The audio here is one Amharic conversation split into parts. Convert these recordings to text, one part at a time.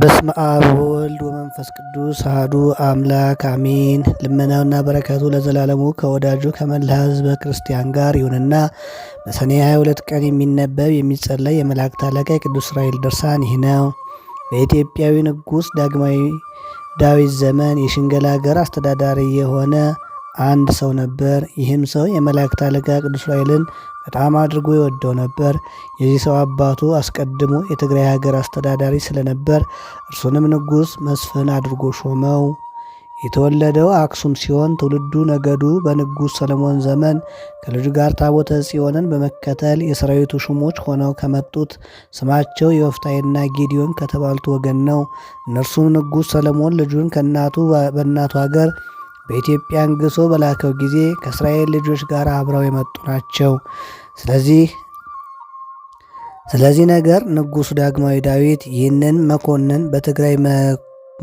በስመ አብ ወወልድ ወመንፈስ ቅዱስ አህዱ አምላክ አሜን። ልመናውና በረከቱ ለዘላለሙ ከወዳጁ ከመላ ሕዝበ ክርስቲያን ጋር ይሁንና በሰኔ 22 ቀን የሚነበብ የሚጸለይ የመላእክት አለቃ የቅዱስ እስራኤል ድርሳን ይህ ነው። በኢትዮጵያዊ ንጉሥ ዳግማዊ ዳዊት ዘመን የሽንገላ ሀገር አስተዳዳሪ የሆነ አንድ ሰው ነበር። ይህም ሰው የመላእክት አለቃ ቅዱስ ራኤልን በጣም አድርጎ ይወደው ነበር። የዚህ ሰው አባቱ አስቀድሞ የትግራይ ሀገር አስተዳዳሪ ስለነበር እርሱንም ንጉሥ መስፍን አድርጎ ሾመው። የተወለደው አክሱም ሲሆን ትውልዱ ነገዱ በንጉሥ ሰለሞን ዘመን ከልጁ ጋር ታቦተ ጽዮንን በመከተል የሰራዊቱ ሹሞች ሆነው ከመጡት ስማቸው የወፍታይና ጌዲዮን ከተባሉት ወገን ነው። እነርሱም ንጉሥ ሰለሞን ልጁን ከእናቱ በእናቱ ሀገር በኢትዮጵያ አንግሶ በላከው ጊዜ ከእስራኤል ልጆች ጋር አብረው የመጡ ናቸው። ስለዚህ ስለዚህ ነገር ንጉሱ ዳግማዊ ዳዊት ይህንን መኮንን በትግራይ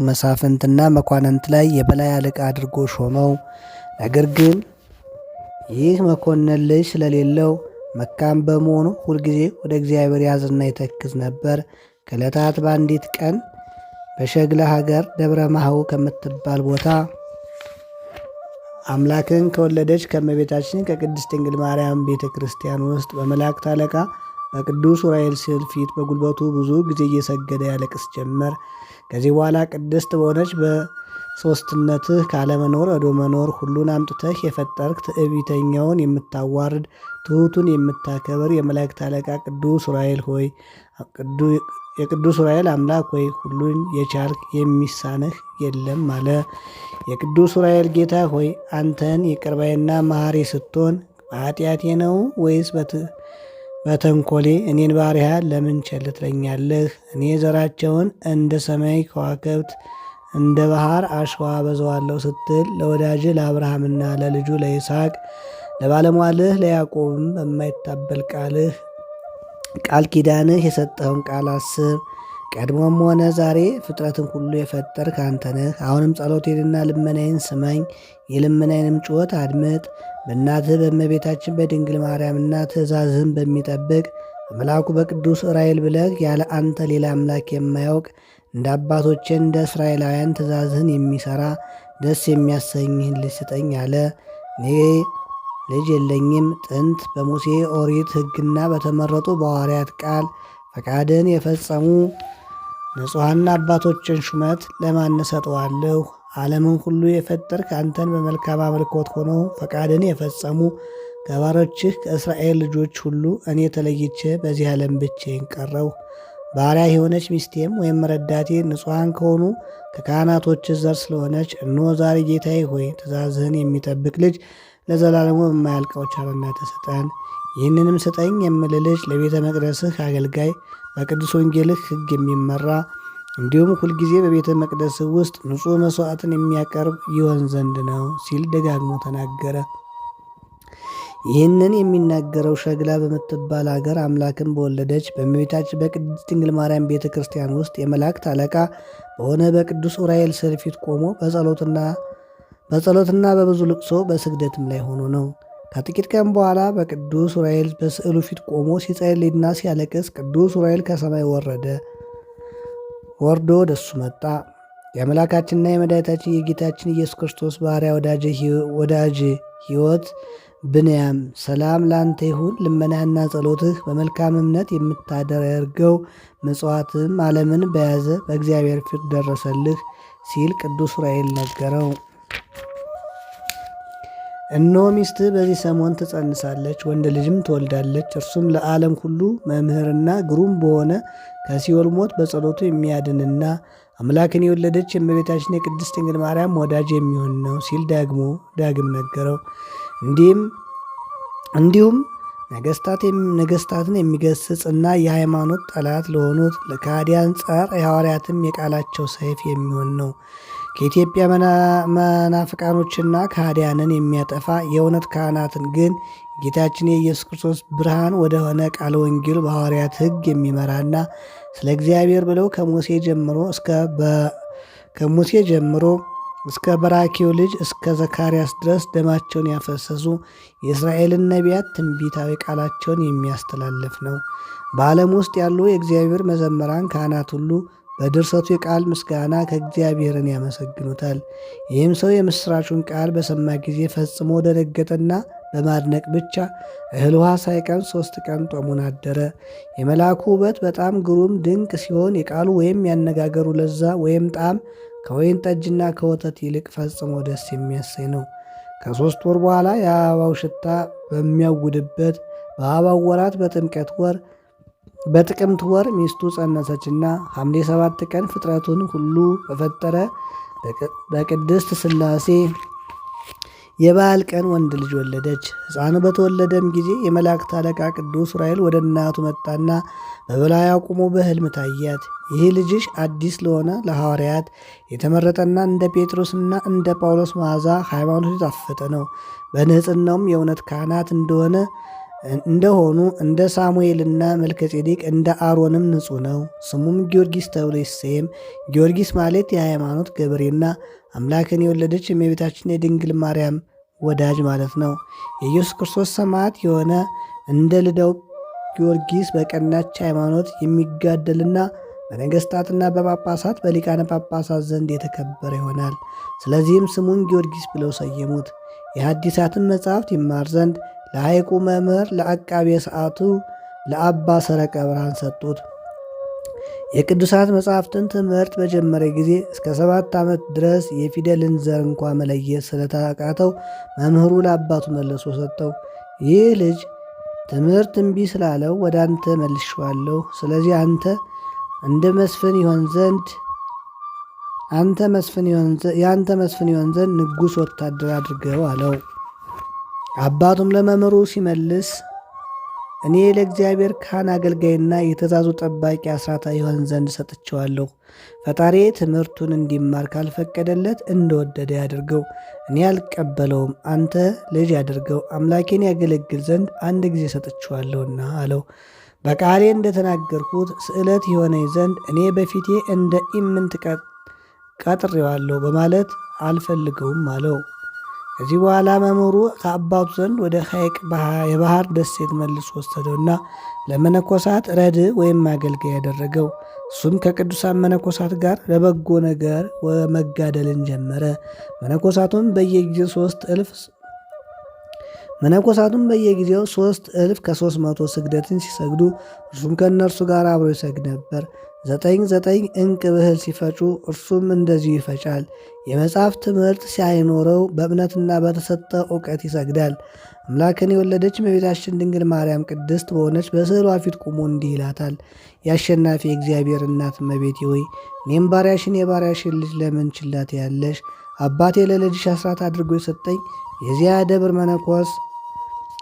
መሳፍንትና መኳንንት ላይ የበላይ አለቃ አድርጎ ሾመው። ነገር ግን ይህ መኮንን ልጅ ስለሌለው መካም በመሆኑ ሁልጊዜ ወደ እግዚአብሔር ያዝና ይተክዝ ነበር። ከዕለታት በአንዲት ቀን በሸግለ ሀገር ደብረ ማህው ከምትባል ቦታ አምላክን ከወለደች ከእመቤታችን ከቅድስት ድንግል ማርያም ቤተ ክርስቲያን ውስጥ በመላእክት አለቃ በቅዱስ ዑራኤል ስዕል ፊት በጉልበቱ ብዙ ጊዜ እየሰገደ ያለቅስ ጀመር። ከዚህ በኋላ ቅድስት በሆነች በሦስትነትህ ካለመኖር ወደ መኖር ሁሉን አምጥተህ የፈጠርክ ትዕቢተኛውን የምታዋርድ ትሑቱን የምታከብር የመላእክት አለቃ ቅዱስ ዑራኤል ሆይ የቅዱስ ዑራኤል አምላክ ወይ ሁሉን የቻልክ የሚሳነህ የለም አለ። የቅዱስ ዑራኤል ጌታ ሆይ አንተን የቅርባይና ባይና መሐሪ ስትሆን በኃጢአቴ ነው ወይስ በተንኮሌ እኔን ባሪያ ለምን ቸልትለኛለህ? እኔ ዘራቸውን እንደ ሰማይ ከዋክብት እንደ ባህር አሸዋ አበዛዋለሁ ስትል ለወዳጅ ለአብርሃምና ለልጁ ለይስሐቅ ለባለሟልህ ለያዕቆብም በማይታበል ቃልህ ቃል ኪዳንህ የሰጠውን ቃል አስብ። ቀድሞም ሆነ ዛሬ ፍጥረትን ሁሉ የፈጠር ካንተ አሁንም አሁንም ጸሎቴንና ልመናዬን ስማኝ፣ የልመናዬንም ጩኸት አድምጥ። በእናትህ በእመቤታችን በድንግል ማርያምና ትእዛዝህን በሚጠብቅ አምላኩ በቅዱስ ዑራኤል ብለህ ያለ አንተ ሌላ አምላክ የማያውቅ እንደ አባቶቼ እንደ እስራኤላውያን ትእዛዝህን የሚሠራ ደስ የሚያሰኝህን ልጅ ስጠኝ አለ። እኔ ልጅ የለኝም ጥንት በሙሴ ኦሪት ሕግና በተመረጡ በሐዋርያት ቃል ፈቃድን የፈጸሙ ንጹሐን አባቶችን ሹመት ለማን እሰጠዋለሁ? ዓለምን ሁሉ የፈጠርክ አንተን በመልካም አመልኮት ሆኖ ፈቃድን የፈጸሙ ገባሮችህ ከእስራኤል ልጆች ሁሉ እኔ ተለይቼ በዚህ ዓለም ብቼን ቀረው። ባሪያ የሆነች ሚስቴም ወይም ረዳቴ ንጹሐን ከሆኑ ከካህናቶች ዘር ስለሆነች እኖ ዛሬ ጌታዬ ሆይ ትእዛዝህን የሚጠብቅ ልጅ ለዘላለሙ የማያልቀው ቸርነት ስጠን። ይህንንም ስጠኝ የምልልጅ ለቤተ መቅደስህ አገልጋይ በቅዱስ ወንጌልህ ሕግ የሚመራ እንዲሁም ሁልጊዜ በቤተ መቅደስ ውስጥ ንጹሕ መሥዋዕትን የሚያቀርብ ይሆን ዘንድ ነው ሲል ደጋግሞ ተናገረ። ይህንን የሚናገረው ሸግላ በምትባል አገር አምላክን በወለደች በእመቤታችን በቅድስት ድንግል ማርያም ቤተ ክርስቲያን ውስጥ የመላእክት አለቃ በሆነ በቅዱስ ዑራኤል ስር ፊት ቆሞ በጸሎትና በጸሎትና በብዙ ልቅሶ በስግደትም ላይ ሆኖ ነው። ከጥቂት ቀን በኋላ በቅዱስ ዑራኤል በስዕሉ ፊት ቆሞ ሲጸልይና ሲያለቅስ ቅዱስ ዑራኤል ከሰማይ ወረደ ወርዶ ወደሱ መጣ። የአምላካችንና የመድኃኒታችን የጌታችን ኢየሱስ ክርስቶስ ባሪያ ወዳጅ ሕይወት ብንያም ሰላም ላንተ ይሁን። ልመናህና ጸሎትህ በመልካም እምነት የምታደርገው ምጽዋትም ዓለምን በያዘ በእግዚአብሔር ፊት ደረሰልህ ሲል ቅዱስ ዑራኤል ነገረው። እነሆ ሚስት በዚህ ሰሞን ትጸንሳለች፣ ወንድ ልጅም ትወልዳለች። እርሱም ለዓለም ሁሉ መምህርና ግሩም በሆነ ከሲኦል ሞት በጸሎቱ የሚያድንና አምላክን የወለደች የእመቤታችን የቅድስት ድንግል ማርያም ወዳጅ የሚሆን ነው ሲል ዳግሞ ዳግም ነገረው። እንዲህም እንዲሁም ነገስታትን የሚገስጽና የሃይማኖት ጠላት ለሆኑት ለካዲያን ጸር የሐዋርያትም የቃላቸው ሰይፍ የሚሆን ነው። ከኢትዮጵያ መናፍቃኖችና ከሃዲያንን የሚያጠፋ የእውነት ካህናትን ግን ጌታችን የኢየሱስ ክርስቶስ ብርሃን ወደ ሆነ ቃለ ወንጌል በሐዋርያት ሕግ የሚመራና ስለ እግዚአብሔር ብለው ከሙሴ ጀምሮ እስከ ከሙሴ ጀምሮ እስከ በራኪው ልጅ እስከ ዘካርያስ ድረስ ደማቸውን ያፈሰሱ የእስራኤልን ነቢያት ትንቢታዊ ቃላቸውን የሚያስተላልፍ ነው። በዓለም ውስጥ ያሉ የእግዚአብሔር መዘመራን ካህናት ሁሉ በድርሰቱ የቃል ምስጋና ከእግዚአብሔርን ያመሰግኑታል። ይህም ሰው የምሥራቹን ቃል በሰማ ጊዜ ፈጽሞ ደነገጠና በማድነቅ ብቻ እህል ውሃ ሳይቀን ሦስት ቀን ጦሙን አደረ። የመልአኩ ውበት በጣም ግሩም ድንቅ ሲሆን የቃሉ ወይም ያነጋገሩ ለዛ ወይም ጣዕም ከወይን ጠጅና ከወተት ይልቅ ፈጽሞ ደስ የሚያሰኝ ነው። ከሦስት ወር በኋላ የአበባው ሽታ በሚያውድበት በአበባው ወራት በጥምቀት ወር በጥቅምት ወር ሚስቱ ጸነሰችና ሐምሌ ሰባት ቀን ፍጥረቱን ሁሉ በፈጠረ በቅድስት ስላሴ የበዓል ቀን ወንድ ልጅ ወለደች። ሕፃኑ በተወለደም ጊዜ የመላእክት አለቃ ቅዱስ ዑራኤል ወደ እናቱ መጣና በበላዩ አቁሞ በሕልም ታያት። ይህ ልጅሽ አዲስ ለሆነ ለሐዋርያት የተመረጠና እንደ ጴጥሮስና እንደ ጳውሎስ መዓዛ ሃይማኖቱ የታፈጠ ነው። በንጽሕናውም የእውነት ካህናት እንደሆነ እንደሆኑ እንደ ሳሙኤልና መልከጼዴቅ እንደ አሮንም ንጹሕ ነው። ስሙም ጊዮርጊስ ተብሎ ይሰየም። ጊዮርጊስ ማለት የሃይማኖት ገበሬና አምላክን የወለደች የእመቤታችን የድንግል ማርያም ወዳጅ ማለት ነው። የኢየሱስ ክርስቶስ ሰማዕት የሆነ እንደ ልደው ጊዮርጊስ በቀናች ሃይማኖት የሚጋደልና በነገስታትና በጳጳሳት በሊቃነ ጳጳሳት ዘንድ የተከበረ ይሆናል። ስለዚህም ስሙን ጊዮርጊስ ብለው ሰየሙት። የሐዲሳትን መጽሐፍት ይማር ዘንድ ለሐይቁ መምህር ለአቃቤ ሰዓቱ ለአባ ሰረቀ ብርሃን ሰጡት። የቅዱሳት መጽሐፍትን ትምህርት በጀመረ ጊዜ እስከ ሰባት ዓመት ድረስ የፊደልን ዘር እንኳ መለየት ስለተቃተው መምህሩ ለአባቱ መልሶ ሰጠው። ይህ ልጅ ትምህርት እምቢ ስላለው ወደ አንተ መልሼዋለሁ። ስለዚህ አንተ እንደ መስፍን ይሆን ዘንድ አንተ መስፍን ይሆን ዘንድ ንጉሥ ወታደር አድርገው አለው። አባቱም ለመምህሩ ሲመልስ እኔ ለእግዚአብሔር ካህን አገልጋይና የትእዛዙ ጠባቂ አስራታ ይሆን ዘንድ ሰጥቸዋለሁ ፈጣሪ ትምህርቱን እንዲማር ካልፈቀደለት እንደወደደ ያድርገው፣ እኔ አልቀበለውም። አንተ ልጅ አድርገው፣ አምላኬን ያገለግል ዘንድ አንድ ጊዜ ሰጥቼዋለሁና አለው። በቃሌ እንደተናገርኩት ስዕለት የሆነኝ ዘንድ እኔ በፊቴ እንደ ኢምንት ቀጥሬዋለሁ በማለት አልፈልገውም አለው። ከዚህ በኋላ መምህሩ ከአባቱ ዘንድ ወደ ሐይቅ የባህር ደሴት መልሶ ወሰደውና ለመነኮሳት ረድ ወይም ማገልገያ ያደረገው። እሱም ከቅዱሳን መነኮሳት ጋር ለበጎ ነገር መጋደልን ጀመረ። መነኮሳቱም በየጊዜው ሶስት እልፍ መነኮሳቱም በየጊዜው ሶስት እልፍ ከሶስት መቶ ስግደትን ሲሰግዱ እርሱም ከእነርሱ ጋር አብሮ ይሰግድ ነበር። ዘጠኝ ዘጠኝ እንቅ ብህል ሲፈጩ እርሱም እንደዚሁ ይፈጫል። የመጽሐፍ ትምህርት ሳይኖረው በእምነትና በተሰጠ እውቀት ይሰግዳል። አምላክን የወለደች እመቤታችን ድንግል ማርያም ቅድስት በሆነች በስዕሏ ፊት ቁሞ እንዲህ ይላታል። የአሸናፊ የእግዚአብሔር እናት እመቤቴ ሆይ እኔም ባሪያሽን የባሪያሽን ልጅ ለምን ችላት ያለሽ? አባቴ ለልጅሽ አስራት አድርጎ የሰጠኝ የዚያ ደብር መነኮስ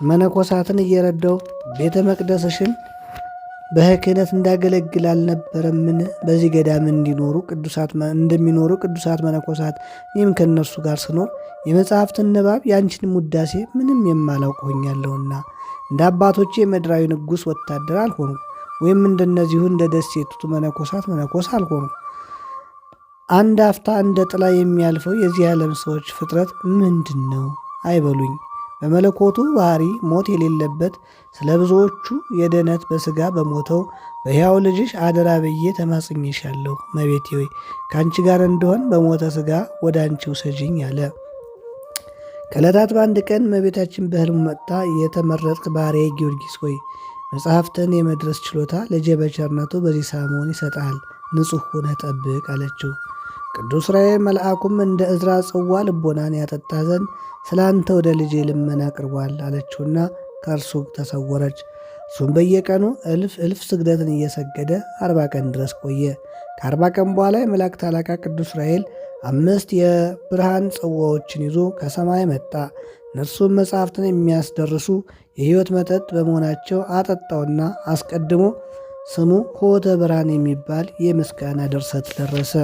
መነኮሳትን እየረዳው ቤተ መቅደስሽን በክህነት እንዳገለግል አልነበረምን? በዚህ ገዳም እንዲኖሩ ቅዱሳት እንደሚኖሩ ቅዱሳት መነኮሳት ይህም ከእነርሱ ጋር ስኖር የመጽሐፍትን ንባብ ያንቺን ውዳሴ ምንም የማላውቅ ሆኛለሁና እንደ አባቶቼ የምድራዊ ንጉሥ ወታደር አልሆኑ፣ ወይም እንደነዚሁ እንደ ደሴቱ መነኮሳት መነኮስ አልሆኑ። አንድ አፍታ እንደ ጥላ የሚያልፈው የዚህ ዓለም ሰዎች ፍጥረት ምንድን ነው አይበሉኝ። በመለኮቱ ባህሪ ሞት የሌለበት ስለ ብዙዎቹ የድኅነት በስጋ በሞተው በሕያው ልጅሽ አደራ ብዬ ተማጽኝሻለሁ። መቤቴ ሆይ ከአንቺ ጋር እንደሆን በሞተ ስጋ ወደ አንቺ ውሰጂኝ አለ። ከዕለታት በአንድ ቀን መቤታችን በሕልሙ መጥታ የተመረጥክ ባሪያዬ ጊዮርጊስ ሆይ መጽሐፍትን የመድረስ ችሎታ ልጄ በቸርነቱ በዚህ ሰሞን ይሰጣል ንጹሕ ሆነህ ጠብቅ አለችው። ቅዱስ ራእየ መልአኩም እንደ እዝራ ጽዋ ልቦናን ያጠጣ ዘንድ ስለ አንተ ወደ ልጄ ልመና አቅርቧል አለችውና ከእርሱ ተሰወረች። እሱም በየቀኑ እልፍ እልፍ ስግደትን እየሰገደ አርባ ቀን ድረስ ቆየ። ከአርባ ቀን በኋላ የመላእክት አለቃ ቅዱስ ራኤል አምስት የብርሃን ጽዋዎችን ይዞ ከሰማይ መጣ። እነርሱም መጽሐፍትን የሚያስደርሱ የሕይወት መጠጥ በመሆናቸው አጠጣውና አስቀድሞ ስሙ ሆተ ብርሃን የሚባል የምስጋና ድርሰት ደረሰ።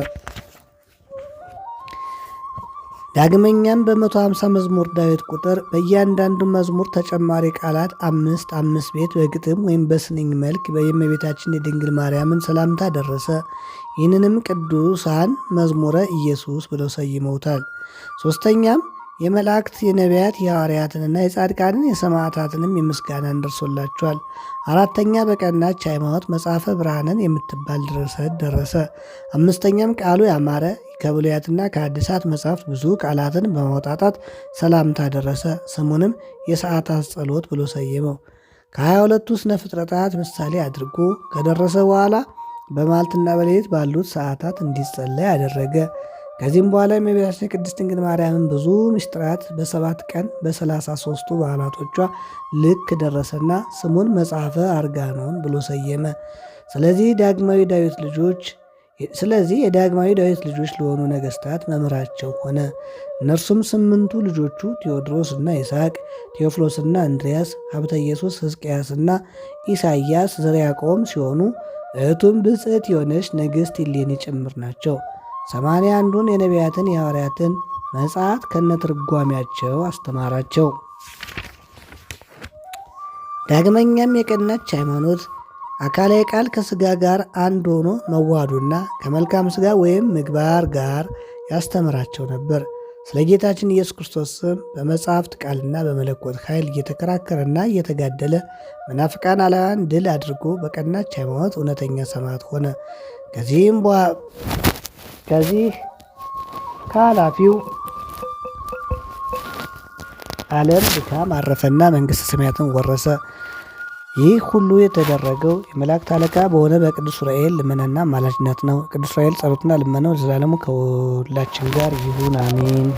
ዳግመኛም በመቶ ሃምሳ መዝሙር ዳዊት ቁጥር በእያንዳንዱ መዝሙር ተጨማሪ ቃላት አምስት አምስት ቤት በግጥም ወይም በስንኝ መልክ የእመቤታችን የድንግል ማርያምን ሰላምታ ደረሰ። ይህንንም ቅዱሳን መዝሙረ ኢየሱስ ብለው ሰይመውታል። ሶስተኛም የመላእክት የነቢያት የሐዋርያትንና የጻድቃንን የሰማዕታትንም የምስጋናን ደርሶላቸዋል። አራተኛ በቀናች ሃይማኖት መጽሐፈ ብርሃንን የምትባል ድርሰት ደረሰ። አምስተኛም ቃሉ ያማረ ከብሉያትና ከአዲሳት መጽሐፍት ብዙ ቃላትን በማውጣጣት ሰላምታ ደረሰ። ስሙንም የሰዓታት ጸሎት ብሎ ሰየመው። ከሀያ ሁለቱ ስነ ፍጥረታት ምሳሌ አድርጎ ከደረሰ በኋላ በማልትና በሌሊት ባሉት ሰዓታት እንዲጸለይ አደረገ። ከዚህም በኋላ የእመቤታችን ቅድስት ድንግል ማርያምን ብዙ ምስጢራት በሰባት ቀን በሰላሳ ሦስቱ በዓላቶቿ ልክ ደረሰና ስሙን መጽሐፈ አርጋኖን ብሎ ሰየመ። ስለዚህ ዳግማዊ ዳዊት ልጆች ስለዚህ የዳግማዊ ዳዊት ልጆች ለሆኑ ነገስታት መምህራቸው ሆነ። እነርሱም ስምንቱ ልጆቹ ቴዎድሮስና ይስሐቅ፣ ቴዎፍሎስና አንድሪያስ፣ ሀብተ ኢየሱስ፣ ሕዝቅያስና ኢሳያስ ዘርያቆም ሲሆኑ እህቱም ብፅዕት የሆነች ንግሥት እሌኒ ጭምር ናቸው። ሰማንያ አንዱን የነቢያትን የሐዋርያትን መጽሐፍት ከነትርጓሚያቸው አስተማራቸው። ዳግመኛም የቀናች ሃይማኖት አካላዊ ቃል ከሥጋ ጋር አንድ ሆኖ መዋዱና ከመልካም ሥጋ ወይም ምግባር ጋር ያስተምራቸው ነበር። ስለ ጌታችን ኢየሱስ ክርስቶስ ስም በመጽሐፍት ቃልና በመለኮት ኃይል እየተከራከረና እየተጋደለ መናፍቃን አላውያን ድል አድርጎ በቀናች ሃይማኖት እውነተኛ ሰማዕት ሆነ። ከዚህም ከዚህ ከኃላፊው ዓለም ድካም አረፈና መንግሥተ ሰማያትን ወረሰ። ይህ ሁሉ የተደረገው የመላእክት አለቃ በሆነ በቅዱስ ዑራኤል ልመናና አማላጅነት ነው። ቅዱስ ዑራኤል ጸሎትና ልመናው ለዘላለሙ ከሁላችን ጋር ይሁን፣ አሜን።